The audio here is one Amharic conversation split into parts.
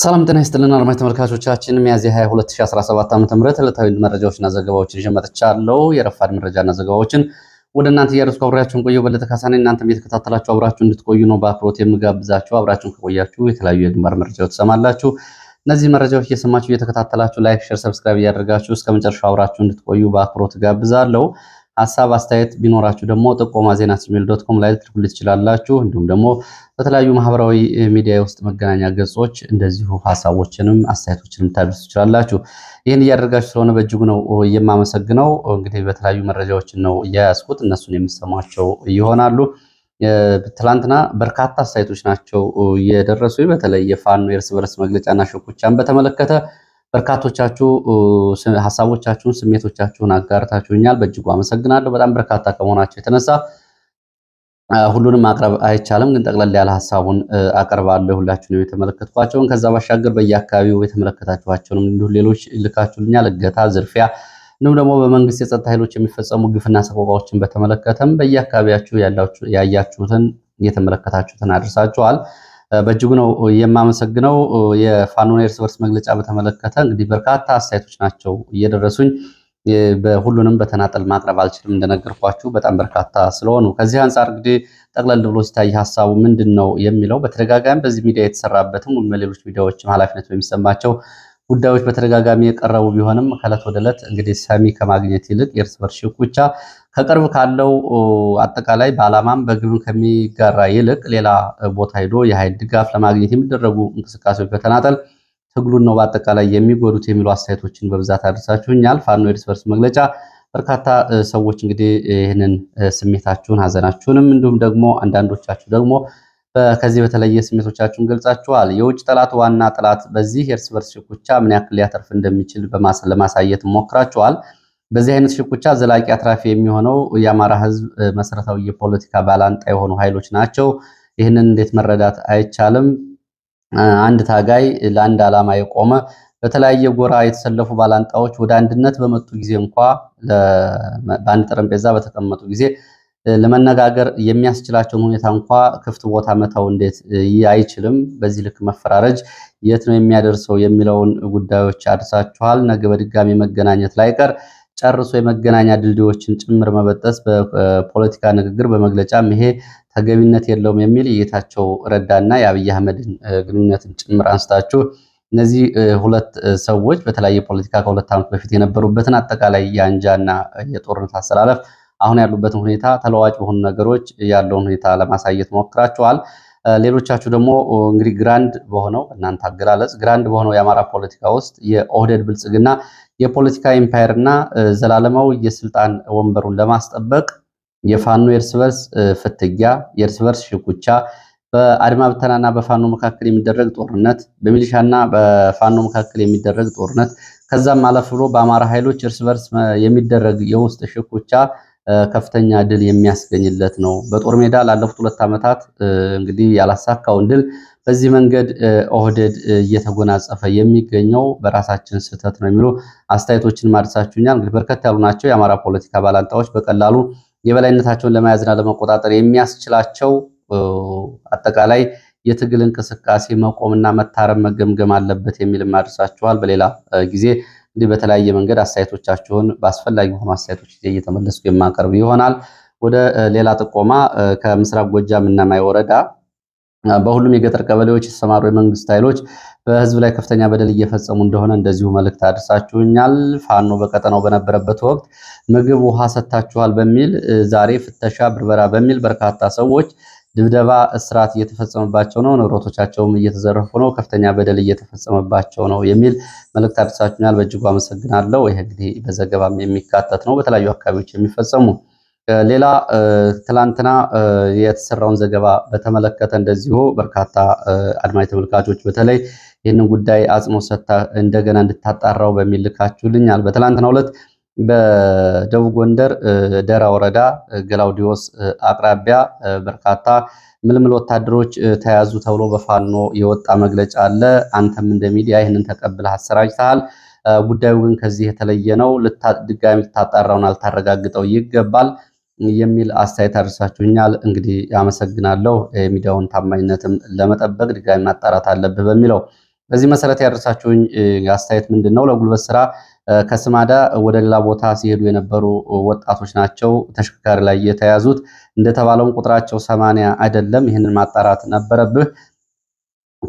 ሰላም ጤና ይስጥልን አድማጭ ተመልካቾቻችን፣ ሚያዝያ 22 2017 ዓ.ም ዕለታዊ መረጃዎችና ዘገባዎችን ይዤ መጥቻለሁ። የረፋድ መረጃና ዘገባዎችን ወደ እናንተ እያደረስኩ አብሬያችሁን ቆየሁ። በለጠ ካሳኔ እናንተም እየተከታተላችሁ አብራችሁ እንድትቆዩ ነው በአክብሮት የምጋብዛችሁ። አብራችሁን ከቆያችሁ የተለያዩ የግንባር መረጃዎች ትሰማላችሁ። እነዚህ መረጃዎች እየሰማችሁ እየተከታተላችሁ ላይክ፣ ሼር፣ ሰብስክራይብ እያደረጋችሁ እስከ መጨረሻው አብራችሁ እንድትቆዩ በአክብሮት ጋብዛለሁ። ሀሳብ አስተያየት ቢኖራችሁ ደግሞ ጥቆማ ዜና ጂሜል ዶት ኮም ላይ ልትልኩልኝ ትችላላችሁ። እንዲሁም ደግሞ በተለያዩ ማህበራዊ ሚዲያ ውስጥ መገናኛ ገጾች እንደዚሁ ሀሳቦችንም አስተያየቶችን ልታደርሱ ትችላላችሁ። ይህን እያደረጋችሁ ስለሆነ በእጅጉ ነው የማመሰግነው። እንግዲህ በተለያዩ መረጃዎችን ነው እያያዝኩት፣ እነሱን የምሰማቸው ይሆናሉ። ትላንትና በርካታ አስተያየቶች ናቸው የደረሱ። በተለይ የፋኖ የእርስ በርስ መግለጫና ሸኩቻን በተመለከተ በርካቶቻችሁ ሀሳቦቻችሁን፣ ስሜቶቻችሁን አጋርታችሁኛል። በእጅጉ አመሰግናለሁ። በጣም በርካታ ከመሆናቸው የተነሳ ሁሉንም ማቅረብ አይቻልም፣ ግን ጠቅለል ያለ ሀሳቡን አቀርባለሁ። ሁላችሁንም የተመለከትኳቸውን ከዛ ባሻገር በየአካባቢው የተመለከታችኋቸውንም እንዲሁ ሌሎች ልካችሁልኛል። እገታ፣ ዝርፊያ እንዲሁም ደግሞ በመንግስት የጸጥታ ኃይሎች የሚፈጸሙ ግፍና ሰቆቃዎችን በተመለከተም በየአካባቢያችሁ ያያችሁትን እየተመለከታችሁትን አድርሳችኋል። በእጅጉ ነው የማመሰግነው። የፋኖን የእርስ በርስ መግለጫ በተመለከተ እንግዲህ በርካታ አስተያየቶች ናቸው እየደረሱኝ። በሁሉንም በተናጠል ማቅረብ አልችልም እንደነገርኳችሁ በጣም በርካታ ስለሆኑ፣ ከዚህ አንጻር እንግዲህ ጠቅለል ብሎ ሲታይ ሀሳቡ ምንድን ነው የሚለው በተደጋጋሚ በዚህ ሚዲያ የተሰራበትም ወይም በሌሎች ሚዲያዎችም ኃላፊነት በሚሰማቸው ጉዳዮች በተደጋጋሚ የቀረቡ ቢሆንም ከእለት ወደ እለት እንግዲህ ሰሚ ከማግኘት ይልቅ የእርስ በርስ ሽኩቻ ከቅርብ ካለው አጠቃላይ በዓላማም በግብም ከሚጋራ ይልቅ ሌላ ቦታ ሄዶ የኃይል ድጋፍ ለማግኘት የሚደረጉ እንቅስቃሴዎች በተናጠል ትግሉን ነው በአጠቃላይ የሚጎዱት የሚሉ አስተያየቶችን በብዛት አድርሳችሁኛል። ፋኖ የእርስ በርስ መግለጫ በርካታ ሰዎች እንግዲህ ይህንን ስሜታችሁን ሀዘናችሁንም እንዲሁም ደግሞ አንዳንዶቻችሁ ደግሞ ከዚህ በተለየ ስሜቶቻችሁን ገልጻችኋል። የውጭ ጠላት ዋና ጠላት በዚህ የእርስ በርስ ሽኩቻ ምን ያክል ሊያተርፍ እንደሚችል ለማሳየት ሞክራችኋል። በዚህ አይነት ሽኩቻ ዘላቂ አትራፊ የሚሆነው የአማራ ህዝብ መሰረታዊ የፖለቲካ ባላንጣ የሆኑ ኃይሎች ናቸው። ይህንን እንዴት መረዳት አይቻልም? አንድ ታጋይ ለአንድ ዓላማ የቆመ በተለያየ ጎራ የተሰለፉ ባላንጣዎች ወደ አንድነት በመጡ ጊዜ እንኳ በአንድ ጠረጴዛ በተቀመጡ ጊዜ ለመነጋገር የሚያስችላቸውን ሁኔታ እንኳ ክፍት ቦታ መተው እንዴት አይችልም? በዚህ ልክ መፈራረጅ የት ነው የሚያደርሰው የሚለውን ጉዳዮች አድርሳችኋል። ነገ በድጋሚ መገናኘት ላይቀር። ጨርሶ የመገናኛ ድልድዮችን ጭምር መበጠስ በፖለቲካ ንግግር በመግለጫም ይሄ ተገቢነት የለውም የሚል የጌታቸው ረዳና የአብይ አህመድን ግንኙነትን ጭምር አንስታችሁ እነዚህ ሁለት ሰዎች በተለያየ ፖለቲካ ከሁለት ዓመት በፊት የነበሩበትን አጠቃላይ የአንጃና የጦርነት አሰላለፍ አሁን ያሉበትን ሁኔታ ተለዋጭ በሆኑ ነገሮች ያለውን ሁኔታ ለማሳየት ሞክራችኋል። ሌሎቻችሁ ደግሞ እንግዲህ ግራንድ በሆነው እናንተ አገላለጽ ግራንድ በሆነው የአማራ ፖለቲካ ውስጥ የኦህደድ ብልጽግና የፖለቲካ ኢምፓየር እና ዘላለማዊ የስልጣን ወንበሩን ለማስጠበቅ የፋኖ የእርስ በርስ ፍትጊያ፣ የእርስ በርስ ሽኩቻ፣ በአድማ ብተናና በፋኖ መካከል የሚደረግ ጦርነት፣ በሚሊሻና በፋኖ መካከል የሚደረግ ጦርነት ከዛም አለፍ ብሎ በአማራ ኃይሎች እርስ በርስ የሚደረግ የውስጥ ሽኩቻ ከፍተኛ ድል የሚያስገኝለት ነው። በጦር ሜዳ ላለፉት ሁለት ዓመታት እንግዲህ ያላሳካውን ድል በዚህ መንገድ ኦህዴድ እየተጎናጸፈ የሚገኘው በራሳችን ስህተት ነው የሚሉ አስተያየቶችን ማድረሳችሁኛል። እንግዲህ በርከት ያሉ ናቸው። የአማራ ፖለቲካ ባላንጣዎች በቀላሉ የበላይነታቸውን ለመያዝና ለመቆጣጠር የሚያስችላቸው አጠቃላይ የትግል እንቅስቃሴ መቆምና መታረም መገምገም አለበት የሚል ማድረሳችኋል። በሌላ ጊዜ እንዲህ በተለያየ መንገድ አስተያየቶቻችሁን በአስፈላጊ የሆኑ አስተያየቶች ጊዜ እየተመለሱ የማቀርብ ይሆናል። ወደ ሌላ ጥቆማ ከምስራቅ ጎጃም እነማይ ወረዳ በሁሉም የገጠር ቀበሌዎች የተሰማሩ የመንግስት ኃይሎች በህዝብ ላይ ከፍተኛ በደል እየፈጸሙ እንደሆነ እንደዚሁ መልእክት አድርሳችሁኛል። ፋኖ በቀጠናው በነበረበት ወቅት ምግብ፣ ውሃ ሰጥታችኋል በሚል ዛሬ ፍተሻ፣ ብርበራ በሚል በርካታ ሰዎች ድብደባ፣ እስራት እየተፈጸመባቸው ነው። ንብረቶቻቸውም እየተዘረፉ ነው። ከፍተኛ በደል እየተፈጸመባቸው ነው የሚል መልእክት አድርሳችሁኛል። በእጅጉ አመሰግናለሁ። ይህ እንግዲህ በዘገባም የሚካተት ነው። በተለያዩ አካባቢዎች የሚፈጸሙ ሌላ ትላንትና የተሰራውን ዘገባ በተመለከተ እንደዚሁ በርካታ አድማጭ ተመልካቾች በተለይ ይህንን ጉዳይ አጽሞ ሰጥታ እንደገና እንድታጣራው በሚል ልካችሁልኛል። በትላንትናው ዕለት በደቡብ ጎንደር ደራ ወረዳ ገላውዲዮስ አቅራቢያ በርካታ ምልምል ወታደሮች ተያዙ ተብሎ በፋኖ የወጣ መግለጫ አለ። አንተም እንደ ሚዲያ ይህንን ተቀብለህ አሰራጅተሃል። ጉዳዩ ግን ከዚህ የተለየ ነው። ድጋሚ ልታጣራውን አልታረጋግጠው ይገባል። የሚል አስተያየት አድርሳችሁኛል። እንግዲህ አመሰግናለሁ። የሚዲያውን ታማኝነትም ለመጠበቅ ድጋሚ ማጣራት አለብህ በሚለው በዚህ መሰረት ያደርሳችሁኝ አስተያየት ምንድን ነው? ለጉልበት ስራ ከስማዳ ወደ ሌላ ቦታ ሲሄዱ የነበሩ ወጣቶች ናቸው ተሽከርካሪ ላይ የተያዙት። እንደተባለውም ቁጥራቸው ሰማንያ አይደለም። ይህንን ማጣራት ነበረብህ።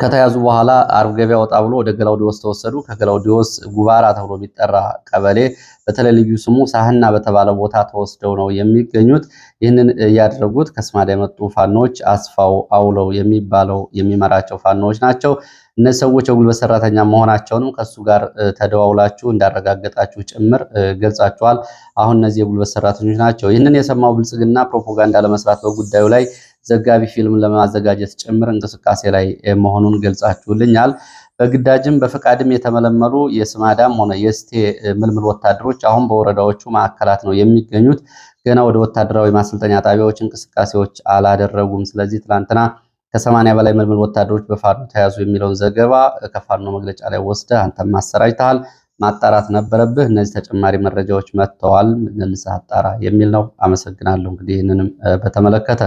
ከተያዙ በኋላ አርብ ገበያ ወጣ ብሎ ወደ ገላውዲዎስ ተወሰዱ። ከገላውዲዎስ ጉባራ ተብሎ የሚጠራ ቀበሌ በተለይ ልዩ ስሙ ሳህና በተባለ ቦታ ተወስደው ነው የሚገኙት። ይህንን ያደረጉት ከስማዳ የመጡ ፋኖች አስፋው አውለው የሚባለው የሚመራቸው ፋኖች ናቸው። እነዚህ ሰዎች የጉልበት ሰራተኛ መሆናቸውንም ከእሱ ጋር ተደዋውላችሁ እንዳረጋገጣችሁ ጭምር ገልጻችኋል። አሁን እነዚህ የጉልበት ሰራተኞች ናቸው። ይህንን የሰማው ብልጽግና ፕሮፓጋንዳ ለመስራት በጉዳዩ ላይ ዘጋቢ ፊልም ለማዘጋጀት ጭምር እንቅስቃሴ ላይ መሆኑን ገልጻችሁልኛል። በግዳጅም በፈቃድም የተመለመሉ የስማዳም ሆነ የስቴ ምልምል ወታደሮች አሁን በወረዳዎቹ ማዕከላት ነው የሚገኙት። ገና ወደ ወታደራዊ ማሰልጠኛ ጣቢያዎች እንቅስቃሴዎች አላደረጉም። ስለዚህ ትላንትና ከሰማንያ በላይ ምልምል ወታደሮች በፋኖ ተያዙ የሚለውን ዘገባ ከፋኖ መግለጫ ላይ ወስደህ አንተም ማሰራጅተሃል። ማጣራት ነበረብህ። እነዚህ ተጨማሪ መረጃዎች መጥተዋል፣ መልሰህ አጣራ የሚል ነው። አመሰግናለሁ። እንግዲህ ይህንንም በተመለከተ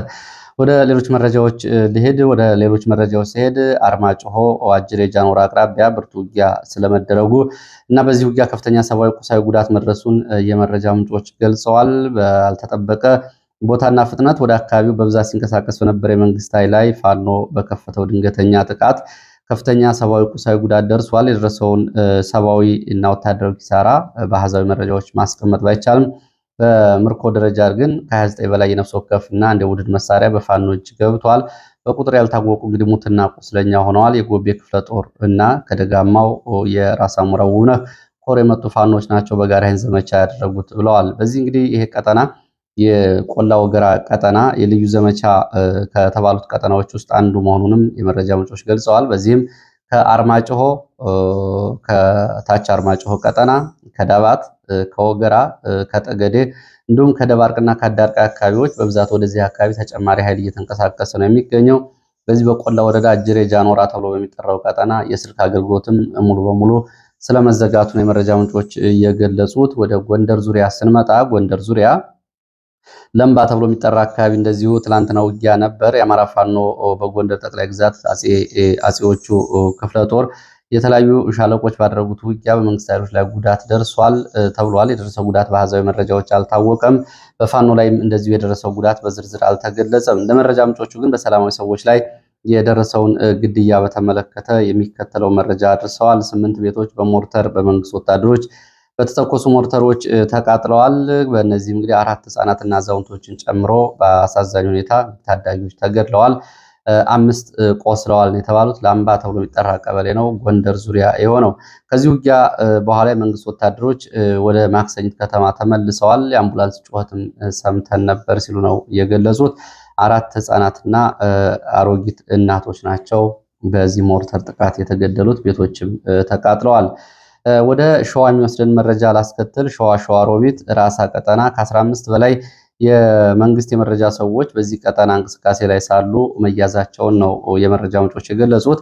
ወደ ሌሎች መረጃዎች ሊሄድ ወደ ሌሎች መረጃዎች ሲሄድ አርማጭሆ አጅሬ ጃኖራ አቅራቢያ ብርቱ ውጊያ ስለመደረጉ እና በዚህ ውጊያ ከፍተኛ ሰብአዊ፣ ቁሳዊ ጉዳት መድረሱን የመረጃ ምንጮች ገልጸዋል። ባልተጠበቀ ቦታና ፍጥነት ወደ አካባቢው በብዛት ሲንቀሳቀስ በነበረ የመንግስት ኃይል ላይ ፋኖ በከፈተው ድንገተኛ ጥቃት ከፍተኛ ሰብአዊ፣ ቁሳዊ ጉዳት ደርሷል። የደረሰውን ሰብአዊ እና ወታደራዊ ኪሳራ በአሃዛዊ መረጃዎች ማስቀመጥ ባይቻልም በምርኮ ደረጃ ግን ከ29 በላይ የነፍስ ወከፍ እና እንደ ውድድ መሳሪያ በፋኖች ገብቷል። በቁጥር ያልታወቁ እንግዲህ ሙትና ቁስለኛ ሆነዋል። የጎቤ ክፍለ ጦር እና ከደጋማው የራስ አሞራው ኮር የመጡ ፋኖች ናቸው በጋራ ይህን ዘመቻ ያደረጉት ብለዋል። በዚህ እንግዲህ ይሄ ቀጠና የቆላ ወገራ ቀጠና የልዩ ዘመቻ ከተባሉት ቀጠናዎች ውስጥ አንዱ መሆኑንም የመረጃ ምንጮች ገልጸዋል። በዚህም ከአርማጭሆ ከታች አርማጭሆ ቀጠና ከዳባት ከወገራ ከጠገዴ እንዲሁም ከደባርቅና ከአዳርቃ አካባቢዎች በብዛት ወደዚህ አካባቢ ተጨማሪ ኃይል እየተንቀሳቀሰ ነው የሚገኘው። በዚህ በቆላ ወረዳ ጅሬ ጃኖራ ተብሎ በሚጠራው ቀጠና የስልክ አገልግሎትም ሙሉ በሙሉ ስለመዘጋቱ ነው የመረጃ ምንጮች እየገለጹት። ወደ ጎንደር ዙሪያ ስንመጣ ጎንደር ዙሪያ ለምባ ተብሎ የሚጠራ አካባቢ እንደዚሁ ትላንትና ውጊያ ነበር። የአማራ ፋኖ በጎንደር ጠቅላይ ግዛት አጼዎቹ ክፍለ ጦር የተለያዩ ሻለቆች ባደረጉት ውጊያ በመንግስት ኃይሎች ላይ ጉዳት ደርሷል ተብሏል። የደረሰው ጉዳት በአሃዛዊ መረጃዎች አልታወቀም። በፋኖ ላይም እንደዚሁ የደረሰው ጉዳት በዝርዝር አልተገለጸም። እንደ መረጃ ምንጮቹ ግን በሰላማዊ ሰዎች ላይ የደረሰውን ግድያ በተመለከተ የሚከተለው መረጃ አድርሰዋል። ስምንት ቤቶች በሞርተር በመንግስት ወታደሮች በተተኮሱ ሞርተሮች ተቃጥለዋል። በእነዚህም እንግዲህ አራት ህጻናትና አዛውንቶችን ጨምሮ በአሳዛኝ ሁኔታ ታዳጊዎች ተገድለዋል። አምስት ቆስለዋል የተባሉት ለአምባ ተብሎ የሚጠራ ቀበሌ ነው፣ ጎንደር ዙሪያ የሆነው። ከዚህ ውጊያ በኋላ የመንግስት ወታደሮች ወደ ማክሰኝት ከተማ ተመልሰዋል። የአምቡላንስ ጩኸትም ሰምተን ነበር ሲሉ ነው የገለጹት። አራት ህጻናትና አሮጊት እናቶች ናቸው በዚህ ሞርተር ጥቃት የተገደሉት። ቤቶችም ተቃጥለዋል። ወደ ሸዋ የሚወስደን መረጃ ላስከትል። ሸዋ ሸዋ ሮቢት ራሳ ቀጠና ከ15 በላይ የመንግስት የመረጃ ሰዎች በዚህ ቀጠና እንቅስቃሴ ላይ ሳሉ መያዛቸውን ነው የመረጃ ምንጮች የገለጹት።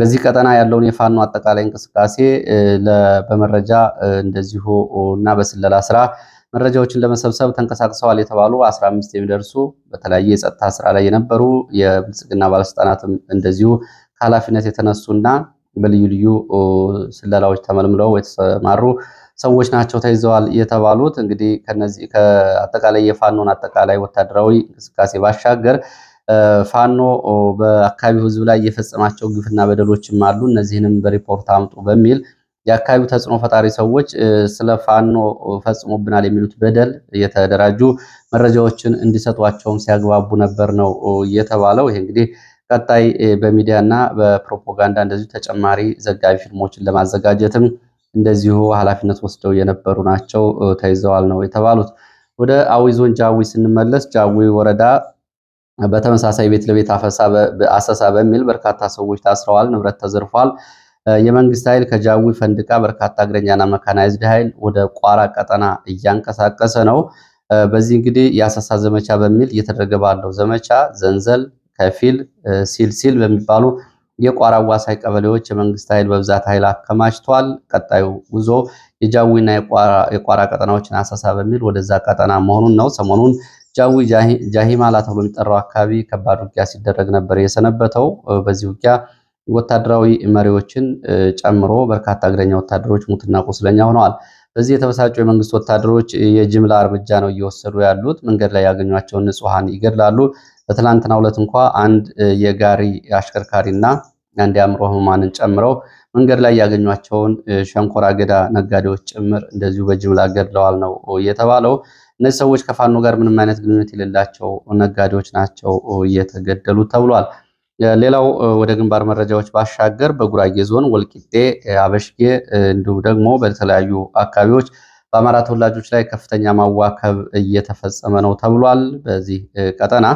በዚህ ቀጠና ያለውን የፋኖ አጠቃላይ እንቅስቃሴ በመረጃ እንደዚሁ እና በስለላ ስራ መረጃዎችን ለመሰብሰብ ተንቀሳቅሰዋል የተባሉ 15 የሚደርሱ በተለያየ የጸጥታ ስራ ላይ የነበሩ የብልጽግና ባለስልጣናትም እንደዚሁ ከኃላፊነት እና በልዩ ልዩ ስለላዎች ተመልምለው የተሰማሩ ሰዎች ናቸው ተይዘዋል የተባሉት። እንግዲህ ከነዚህ ከአጠቃላይ የፋኖን አጠቃላይ ወታደራዊ እንቅስቃሴ ባሻገር ፋኖ በአካባቢው ህዝብ ላይ እየፈጸማቸው ግፍና በደሎችም አሉ። እነዚህንም በሪፖርት አምጡ በሚል የአካባቢው ተጽዕኖ ፈጣሪ ሰዎች ስለ ፋኖ ፈጽሞብናል የሚሉት በደል የተደራጁ መረጃዎችን እንዲሰጧቸውም ሲያግባቡ ነበር ነው እየተባለው። ይሄ እንግዲህ ቀጣይ በሚዲያ እና በፕሮፓጋንዳ እንደዚሁ ተጨማሪ ዘጋቢ ፊልሞችን ለማዘጋጀትም እንደዚሁ ኃላፊነት ወስደው የነበሩ ናቸው ተይዘዋል ነው የተባሉት። ወደ አዊ ዞን ጃዊ ስንመለስ ጃዊ ወረዳ በተመሳሳይ ቤት ለቤት አሰሳ በሚል በርካታ ሰዎች ታስረዋል፣ ንብረት ተዘርፏል። የመንግስት ኃይል ከጃዊ ፈንድቃ በርካታ እግረኛና መካናይዝድ ኃይል ወደ ቋራ ቀጠና እያንቀሳቀሰ ነው። በዚህ እንግዲህ የአሰሳ ዘመቻ በሚል እየተደረገ ባለው ዘመቻ ዘንዘል ከፊል ሲል በሚባሉ የቋራ አዋሳኝ ቀበሌዎች የመንግስት ኃይል በብዛት ኃይል አከማችቷል። ቀጣዩ ጉዞ የጃዊና የቋራ ቀጠናዎችን አሳሳ በሚል ወደዛ ቀጠና መሆኑን ነው። ሰሞኑን ጃዊ ጃሂማላ ተብሎ የሚጠራው አካባቢ ከባድ ውጊያ ሲደረግ ነበር የሰነበተው። በዚህ ውጊያ ወታደራዊ መሪዎችን ጨምሮ በርካታ እግረኛ ወታደሮች ሙትና ቁስለኛ ሆነዋል። በዚህ የተበሳጩ የመንግስት ወታደሮች የጅምላ እርምጃ ነው እየወሰዱ ያሉት። መንገድ ላይ ያገኟቸውን ንጹሐን ይገድላሉ። በትላንትና ሁለት እንኳ አንድ የጋሪ አሽከርካሪና አንድ የአእምሮ ህሙማንን ጨምረው መንገድ ላይ ያገኟቸውን ሸንኮራ አገዳ ነጋዴዎች ጭምር እንደዚሁ በጅምላ ገድለዋል ነው የተባለው። እነዚህ ሰዎች ከፋኖ ጋር ምንም አይነት ግንኙነት የሌላቸው ነጋዴዎች ናቸው እየተገደሉ ተብሏል። ሌላው ወደ ግንባር መረጃዎች ባሻገር በጉራጌ ዞን ወልቂጤ፣ አበሽጌ እንዲሁም ደግሞ በተለያዩ አካባቢዎች በአማራ ተወላጆች ላይ ከፍተኛ ማዋከብ እየተፈጸመ ነው ተብሏል። በዚህ ቀጠና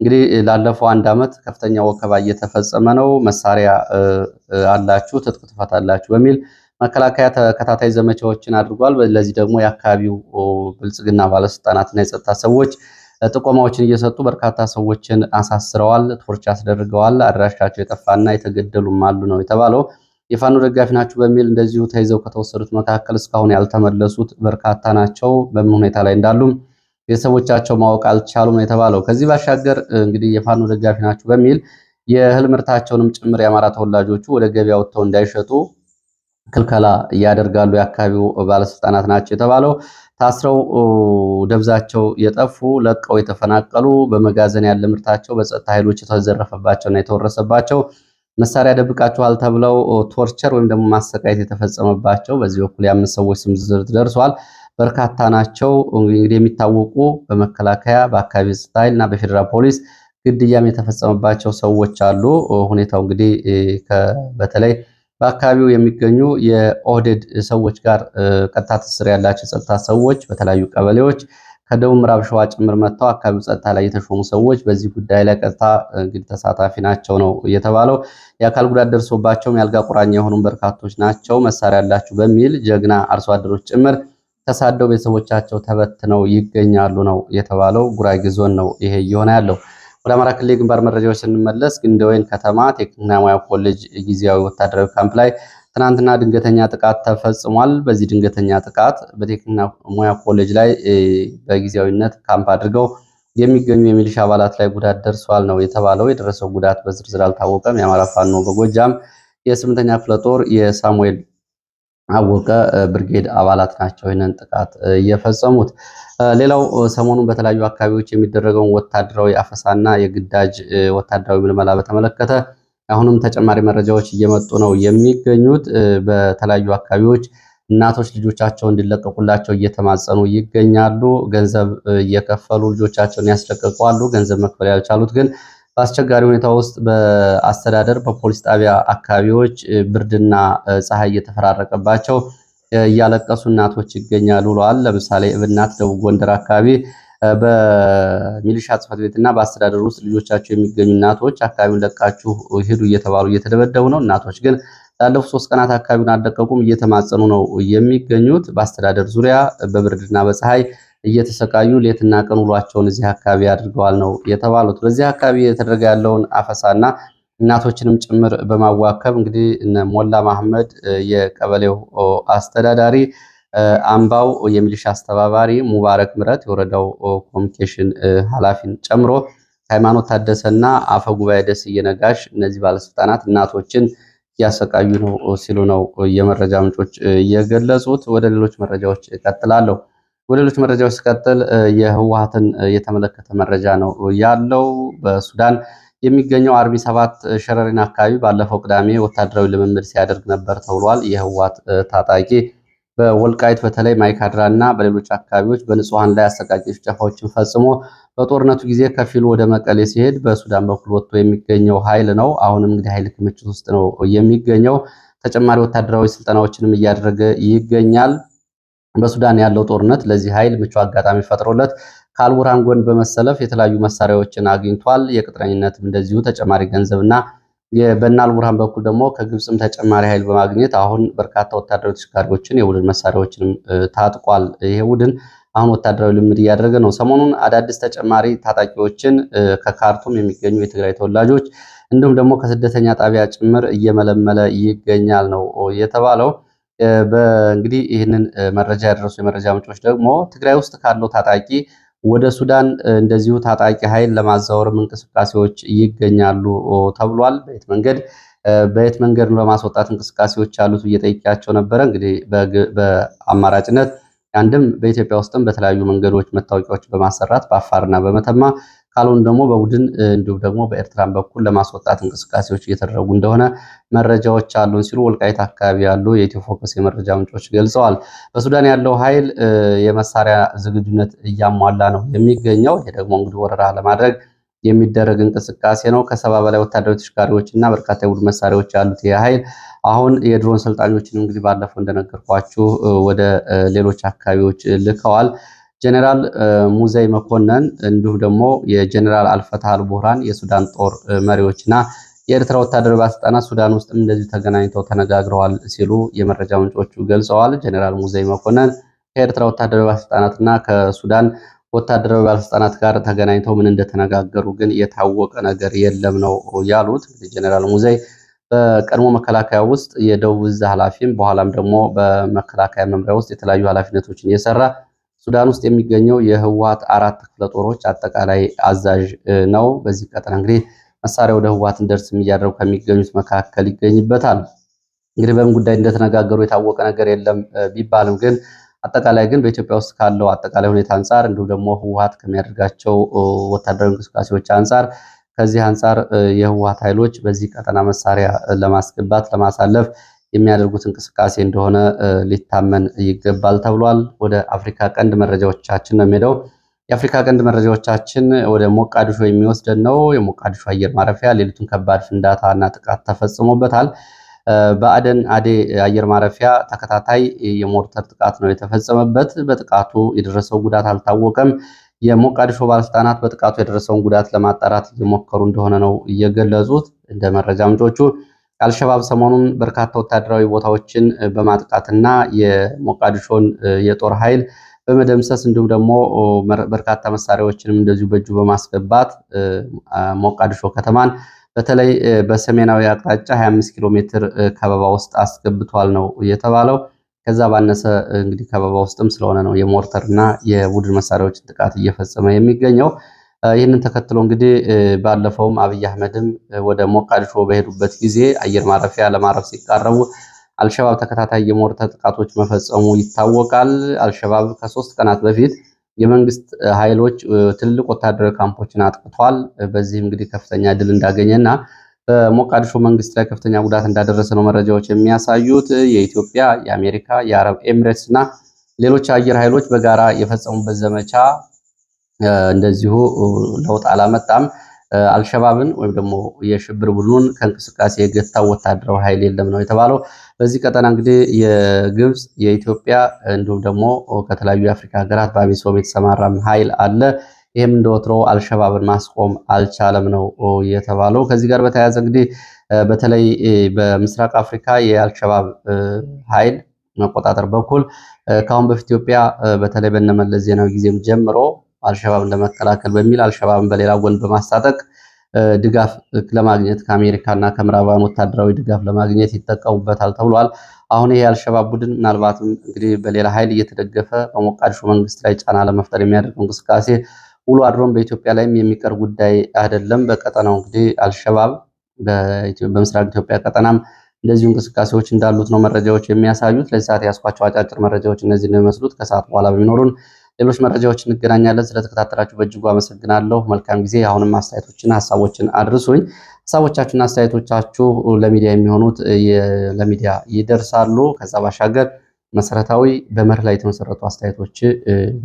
እንግዲህ ላለፈው አንድ ዓመት ከፍተኛ ወከባ እየተፈጸመ ነው። መሳሪያ አላችሁ፣ ትጥቅ ትፈታላችሁ በሚል መከላከያ ተከታታይ ዘመቻዎችን አድርጓል። ለዚህ ደግሞ የአካባቢው ብልጽግና ባለስልጣናትና የጸጥታ ሰዎች ጥቆማዎችን እየሰጡ በርካታ ሰዎችን አሳስረዋል፣ ቶርች አስደርገዋል። አድራሻቸው የጠፋና የተገደሉም አሉ ነው የተባለው። የፋኖ ደጋፊ ናችሁ በሚል እንደዚሁ ተይዘው ከተወሰዱት መካከል እስካሁን ያልተመለሱት በርካታ ናቸው። በምን ሁኔታ ላይ እንዳሉም ቤተሰቦቻቸው ማወቅ አልቻሉም ነው የተባለው። ከዚህ ባሻገር እንግዲህ የፋኖ ደጋፊ ናቸው በሚል የእህል ምርታቸውንም ጭምር የአማራ ተወላጆቹ ወደ ገበያ ወጥተው እንዳይሸጡ ክልከላ እያደርጋሉ የአካባቢው ባለስልጣናት ናቸው የተባለው። ታስረው ደብዛቸው የጠፉ ለቀው የተፈናቀሉ በመጋዘን ያለ ምርታቸው በጸጥታ ኃይሎች የተዘረፈባቸውና የተወረሰባቸው መሳሪያ ደብቃችኋል ተብለው ቶርቸር ወይም ደግሞ ማሰቃየት የተፈጸመባቸው በዚህ በኩል የአምስት ሰዎች ስም ዝርዝር ደርሷል። በርካታ ናቸው። እንግዲህ የሚታወቁ በመከላከያ በአካባቢ ጸጥታ ኃይል እና በፌዴራል ፖሊስ ግድያም የተፈጸመባቸው ሰዎች አሉ። ሁኔታው እንግዲህ በተለይ በአካባቢው የሚገኙ የኦህዴድ ሰዎች ጋር ቀጥታ ትስስር ያላቸው የጸጥታ ሰዎች በተለያዩ ቀበሌዎች ከደቡብ ምዕራብ ሸዋ ጭምር መጥተው አካባቢው ጸጥታ ላይ የተሾሙ ሰዎች በዚህ ጉዳይ ላይ ቀጥታ እንግዲህ ተሳታፊ ናቸው ነው የተባለው። የአካል ጉዳት ደርሶባቸውም ያልጋ ቁራኛ የሆኑ በርካቶች ናቸው። መሳሪያ ያላችሁ በሚል ጀግና አርሶ አደሮች ጭምር ተሳደው ቤተሰቦቻቸው ተበትነው ይገኛሉ ነው የተባለው። ጉራጌ ዞን ነው ይሄ እየሆነ ያለው። ወደ አማራ ክልል ግንባር መረጃዎች ስንመለስ ግንደወይን ከተማ ቴክኒክና ሙያ ኮሌጅ ጊዜያዊ ወታደራዊ ካምፕ ላይ ትናንትና ድንገተኛ ጥቃት ተፈጽሟል። በዚህ ድንገተኛ ጥቃት በቴክኒክና ሙያ ኮሌጅ ላይ በጊዜያዊነት ካምፕ አድርገው የሚገኙ የሚሊሻ አባላት ላይ ጉዳት ደርሷል ነው የተባለው። የደረሰው ጉዳት በዝርዝር አልታወቀም። የአማራ ፋኖ በጎጃም የስምንተኛ ክፍለ ጦር የሳሙኤል አወቀ ብርጌድ አባላት ናቸው ይህንን ጥቃት የፈጸሙት። ሌላው ሰሞኑን በተለያዩ አካባቢዎች የሚደረገውን ወታደራዊ አፈሳና የግዳጅ ወታደራዊ ምልመላ በተመለከተ አሁንም ተጨማሪ መረጃዎች እየመጡ ነው የሚገኙት። በተለያዩ አካባቢዎች እናቶች ልጆቻቸው እንዲለቀቁላቸው እየተማጸኑ ይገኛሉ። ገንዘብ እየከፈሉ ልጆቻቸውን ያስለቀቋሉ። ገንዘብ መክፈል ያልቻሉት ግን በአስቸጋሪ ሁኔታ ውስጥ በአስተዳደር በፖሊስ ጣቢያ አካባቢዎች ብርድና ፀሐይ እየተፈራረቀባቸው እያለቀሱ እናቶች ይገኛሉ ብለዋል። ለምሳሌ እብናት ደቡብ ጎንደር አካባቢ በሚሊሻ ጽህፈት ቤትና በአስተዳደር ውስጥ ልጆቻቸው የሚገኙ እናቶች አካባቢውን ለቃችሁ ሂዱ እየተባሉ እየተደበደቡ ነው። እናቶች ግን ላለፉት ሶስት ቀናት አካባቢውን አልለቀቁም፣ እየተማጸኑ ነው የሚገኙት። በአስተዳደር ዙሪያ በብርድና በፀሐይ እየተሰቃዩ ሌትና ቀን ውሏቸውን እዚህ አካባቢ አድርገዋል ነው የተባሉት። በዚህ አካባቢ የተደረገ ያለውን አፈሳና እናቶችንም ጭምር በማዋከብ እንግዲህ ሞላ ማህመድ የቀበሌው አስተዳዳሪ፣ አምባው የሚሊሻ አስተባባሪ፣ ሙባረክ ምረት የወረዳው ኮሚኒኬሽን ኃላፊን ጨምሮ ሃይማኖት ታደሰና አፈ ጉባኤ ደስ እየነጋሽ እነዚህ ባለስልጣናት እናቶችን እያሰቃዩ ነው ሲሉ ነው የመረጃ ምንጮች እየገለጹት ወደ ሌሎች መረጃዎች እቀጥላለሁ። ወደ ሌሎች መረጃዎች ሲቀጥል የህወሓትን የተመለከተ መረጃ ነው ያለው። በሱዳን የሚገኘው አርሚ ሰባት ሸረሪን አካባቢ ባለፈው ቅዳሜ ወታደራዊ ልምምድ ሲያደርግ ነበር ተብሏል። የህወሓት ታጣቂ በወልቃይት በተለይ ማይካድራ እና በሌሎች አካባቢዎች በንጹሐን ላይ አሰቃቂ ጭፍጨፋዎችን ፈጽሞ በጦርነቱ ጊዜ ከፊሉ ወደ መቀሌ ሲሄድ በሱዳን በኩል ወጥቶ የሚገኘው ኃይል ነው። አሁንም እንግዲህ ኃይል ክምችት ውስጥ ነው የሚገኘው። ተጨማሪ ወታደራዊ ስልጠናዎችንም እያደረገ ይገኛል። በሱዳን ያለው ጦርነት ለዚህ ኃይል ምቹ አጋጣሚ ፈጥሮለት ከአልቡርሃን ጎን በመሰለፍ የተለያዩ መሳሪያዎችን አግኝቷል። የቅጥረኝነትም እንደዚሁ ተጨማሪ ገንዘብና በና አልቡርሃን በኩል ደግሞ ከግብፅም ተጨማሪ ኃይል በማግኘት አሁን በርካታ ወታደራዊ ተሽከርካሪዎችን የቡድን መሳሪያዎችንም ታጥቋል። ይሄ ቡድን አሁን ወታደራዊ ልምድ እያደረገ ነው። ሰሞኑን አዳዲስ ተጨማሪ ታጣቂዎችን ከካርቱም የሚገኙ የትግራይ ተወላጆች እንዲሁም ደግሞ ከስደተኛ ጣቢያ ጭምር እየመለመለ ይገኛል ነው የተባለው። እንግዲህ ይህንን መረጃ ያደረሱ የመረጃ ምንጮች ደግሞ ትግራይ ውስጥ ካለው ታጣቂ ወደ ሱዳን እንደዚሁ ታጣቂ ኃይል ለማዛወርም እንቅስቃሴዎች ይገኛሉ ተብሏል። በየት መንገድ በየት መንገድ ለማስወጣት እንቅስቃሴዎች ያሉት እየጠየቅያቸው ነበረ። እንግዲህ በአማራጭነት አንድም በኢትዮጵያ ውስጥም በተለያዩ መንገዶች መታወቂያዎች በማሰራት በአፋርና በመተማ ካልሆን ደግሞ በቡድን እንዲሁም ደግሞ በኤርትራን በኩል ለማስወጣት እንቅስቃሴዎች እየተደረጉ እንደሆነ መረጃዎች አሉን ሲሉ ወልቃይት አካባቢ ያሉ የኢትዮ ፎከስ የመረጃ ምንጮች ገልጸዋል። በሱዳን ያለው ኃይል የመሳሪያ ዝግጁነት እያሟላ ነው የሚገኘው። ይሄ ደግሞ እንግዲህ ወረራ ለማድረግ የሚደረግ እንቅስቃሴ ነው። ከሰባ በላይ ወታደራዊ ተሽከርካሪዎች እና በርካታ የቡድን መሳሪያዎች ያሉት ይህ ኃይል አሁን የድሮን ሰልጣኞችን እንግዲህ ባለፈው እንደነገርኳችሁ ወደ ሌሎች አካባቢዎች ልከዋል። ጀኔራል ሙዘይ መኮንን እንዲሁም ደግሞ የጀኔራል አልፈታል ቡራን የሱዳን ጦር መሪዎችና የኤርትራ ወታደራዊ ባለስልጣናት ሱዳን ውስጥም እንደዚሁ ተገናኝተው ተነጋግረዋል ሲሉ የመረጃ ምንጮቹ ገልጸዋል። ጀነራል ሙዘይ መኮንን ከኤርትራ ወታደራዊ ባለስልጣናትና ከሱዳን ወታደራዊ ባለስልጣናት ጋር ተገናኝተው ምን እንደተነጋገሩ ግን የታወቀ ነገር የለም ነው ያሉት። ጀኔራል ሙዘይ በቀድሞ መከላከያ ውስጥ የደቡብ ዕዝ ኃላፊም በኋላም ደግሞ በመከላከያ መምሪያ ውስጥ የተለያዩ ኃላፊነቶችን የሰራ ሱዳን ውስጥ የሚገኘው የህወሓት አራት ክፍለ ጦሮች አጠቃላይ አዛዥ ነው። በዚህ ቀጠና እንግዲህ መሳሪያ ወደ ህወሓት እንደርስም እያደረጉ ከሚገኙት መካከል ይገኝበታል። እንግዲህ በምን ጉዳይ እንደተነጋገሩ የታወቀ ነገር የለም ቢባልም ግን አጠቃላይ ግን በኢትዮጵያ ውስጥ ካለው አጠቃላይ ሁኔታ አንጻር እንዲሁም ደግሞ ህወሓት ከሚያደርጋቸው ወታደራዊ እንቅስቃሴዎች አንጻር ከዚህ አንጻር የህወሓት ኃይሎች በዚህ ቀጠና መሳሪያ ለማስገባት ለማሳለፍ የሚያደርጉት እንቅስቃሴ እንደሆነ ሊታመን ይገባል ተብሏል። ወደ አፍሪካ ቀንድ መረጃዎቻችን ነው የሚሄደው። የአፍሪካ ቀንድ መረጃዎቻችን ወደ ሞቃዲሾ የሚወስደን ነው። የሞቃዲሾ አየር ማረፊያ ሌሊቱን ከባድ ፍንዳታ እና ጥቃት ተፈጽሞበታል። በአደን አዴ አየር ማረፊያ ተከታታይ የሞርተር ጥቃት ነው የተፈጸመበት። በጥቃቱ የደረሰው ጉዳት አልታወቀም። የሞቃዲሾ ባለስልጣናት በጥቃቱ የደረሰውን ጉዳት ለማጣራት እየሞከሩ እንደሆነ ነው እየገለጹት እንደ መረጃ ምንጮቹ አልሸባብ ሰሞኑን በርካታ ወታደራዊ ቦታዎችን በማጥቃትና የሞቃዲሾን የጦር ኃይል በመደምሰስ እንዲሁም ደግሞ በርካታ መሳሪያዎችንም እንደዚሁ በእጁ በማስገባት ሞቃዲሾ ከተማን በተለይ በሰሜናዊ አቅጣጫ 25 ኪሎ ሜትር ከበባ ውስጥ አስገብቷል ነው የተባለው። ከዛ ባነሰ እንግዲህ ከበባ ውስጥም ስለሆነ ነው የሞርተርና የቡድን መሳሪያዎችን ጥቃት እየፈጸመ የሚገኘው። ይህንን ተከትሎ እንግዲህ ባለፈውም አብይ አህመድም ወደ ሞቃዲሾ በሄዱበት ጊዜ አየር ማረፊያ ለማረፍ ሲቃረቡ አልሸባብ ተከታታይ የሞርተር ጥቃቶች መፈጸሙ ይታወቃል። አልሸባብ ከሶስት ቀናት በፊት የመንግስት ኃይሎች ትልልቅ ወታደራዊ ካምፖችን አጥቅቷል። በዚህም እንግዲህ ከፍተኛ ድል እንዳገኘና በሞቃዲሾ መንግስት ላይ ከፍተኛ ጉዳት እንዳደረሰ ነው መረጃዎች የሚያሳዩት። የኢትዮጵያ፣ የአሜሪካ፣ የአረብ ኤሚሬትስ እና ሌሎች አየር ኃይሎች በጋራ የፈጸሙበት ዘመቻ እንደዚሁ ለውጥ አላመጣም። አልሸባብን ወይም ደግሞ የሽብር ቡድኑን ከእንቅስቃሴ የገታው ወታደራዊ ኃይል የለም ነው የተባለው። በዚህ ቀጠና እንግዲህ የግብፅ የኢትዮጵያ እንዲሁም ደግሞ ከተለያዩ የአፍሪካ ሀገራት በአሚሶም የተሰማራም ኃይል አለ። ይህም እንደወትሮ አልሸባብን ማስቆም አልቻለም ነው የተባለው። ከዚህ ጋር በተያያዘ እንግዲህ በተለይ በምስራቅ አፍሪካ የአልሸባብ ኃይል መቆጣጠር በኩል ከአሁን በፊት ኢትዮጵያ በተለይ በነመለስ ዜናዊ ጊዜም ጀምሮ አልሸባብን ለመከላከል በሚል አልሸባብን በሌላ ጎን በማስታጠቅ ድጋፍ ለማግኘት ከአሜሪካና ከምዕራባን ወታደራዊ ድጋፍ ለማግኘት ይጠቀሙበታል ተብሏል። አሁን ይሄ የአልሸባብ ቡድን ምናልባትም እንግዲህ በሌላ ኃይል እየተደገፈ በሞቃዲሾ መንግስት ላይ ጫና ለመፍጠር የሚያደርገው እንቅስቃሴ ውሎ አድሮም በኢትዮጵያ ላይም የሚቀር ጉዳይ አይደለም። በቀጠናው እንግዲህ አልሸባብ በምስራቅ ኢትዮጵያ ቀጠናም እንደዚሁ እንቅስቃሴዎች እንዳሉት ነው መረጃዎች የሚያሳዩት። ለዚህ ሰዓት ያስኳቸው አጫጭር መረጃዎች እነዚህ ነው የሚመስሉት። ከሰዓት በኋላ በሚኖሩን ሌሎች መረጃዎች እንገናኛለን። ስለተከታተላችሁ በእጅጉ አመሰግናለሁ። መልካም ጊዜ። አሁንም አስተያየቶችን፣ ሀሳቦችን አድርሱኝ። ሀሳቦቻችሁና አስተያየቶቻችሁ ለሚዲያ የሚሆኑት ለሚዲያ ይደርሳሉ። ከዛ ባሻገር መሰረታዊ በመርህ ላይ የተመሰረቱ አስተያየቶች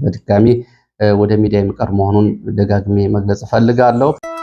በድጋሚ ወደ ሚዲያ የሚቀርብ መሆኑን ደጋግሜ መግለጽ እፈልጋለሁ።